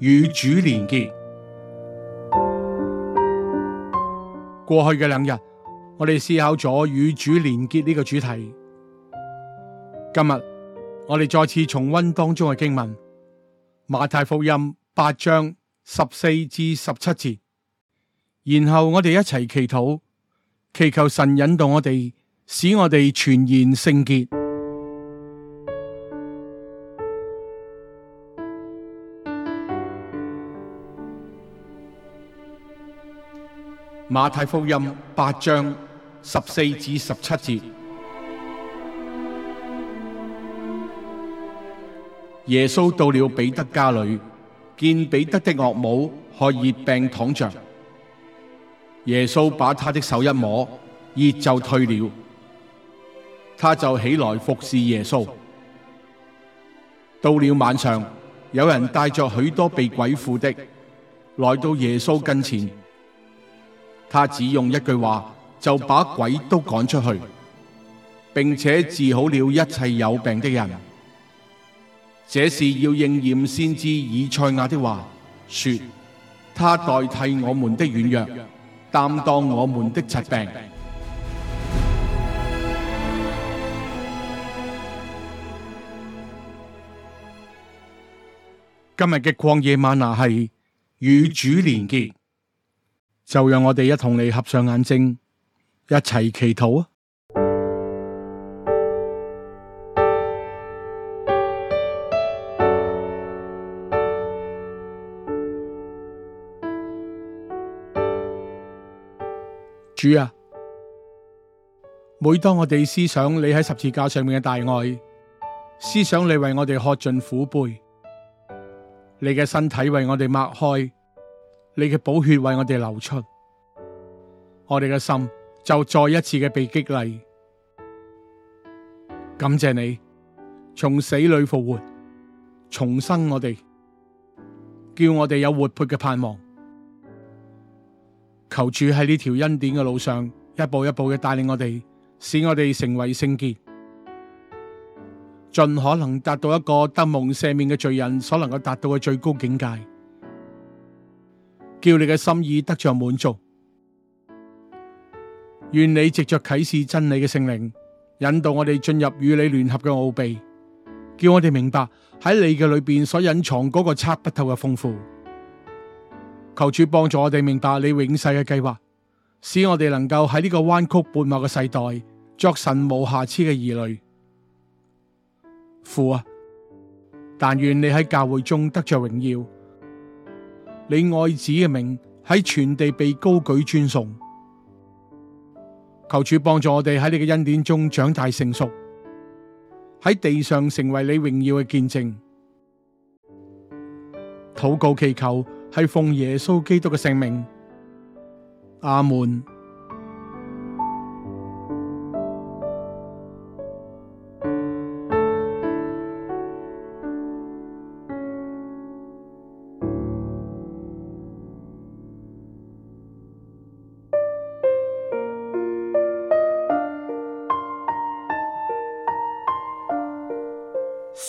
與主連結。過去嘅兩日，我哋思考咗與主連結呢個主題。今日我哋再次重温當中嘅經文，馬太福音八章十四至十七節。然後我哋一齊祈禱，祈求神引導我哋，使我哋全然聖潔。馬太福音八章十四至十七節，耶穌到了彼得家裏，見彼得的岳母害熱病躺着，耶穌把他的手一摸，熱就退了，他就起來服侍耶穌。到了晚上，有人帶着許多被鬼附的來到耶穌跟前。他只用一句話就把鬼都趕出去，並且治好了一切有病的人。這是要應驗先知以賽亞的話，說他代替我們的軟弱，擔當我們的疾病。今日嘅曠野嗎哪係與主連結。就讓我哋一同你合上眼睛，一齊祈禱啊！主啊，每當我哋思想你喺十字架上面嘅大愛，思想你為我哋喝盡苦杯，你嘅身體為我哋擘開。你嘅寶血為我哋流出，我哋嘅心就再一次嘅被激勵。感謝你從死裏復活，重生我哋，叫我哋有活潑嘅盼望。求主喺呢條恩典嘅路上，一步一步嘅帶領我哋，使我哋成為聖潔，盡可能達到一個得蒙赦免嘅罪人所能夠達到嘅最高境界。叫你嘅心意得着滿足，願你藉着啟示真理嘅聖靈，引導我哋進入與你聯合嘅奧秘，叫我哋明白喺你嘅裏邊所隱藏嗰個測不透嘅豐富。求主幫助我哋明白你永世嘅計劃，使我哋能夠喺呢個彎曲悖謬嘅世代作神無瑕疵嘅兒女。父啊，但願你喺教會中得着榮耀。你愛子嘅名喺全地被高舉尊崇，求主幫助我哋喺你嘅恩典中長大成熟，喺地上成為你榮耀嘅見證。禱告祈求係奉耶穌基督嘅聖名，阿門。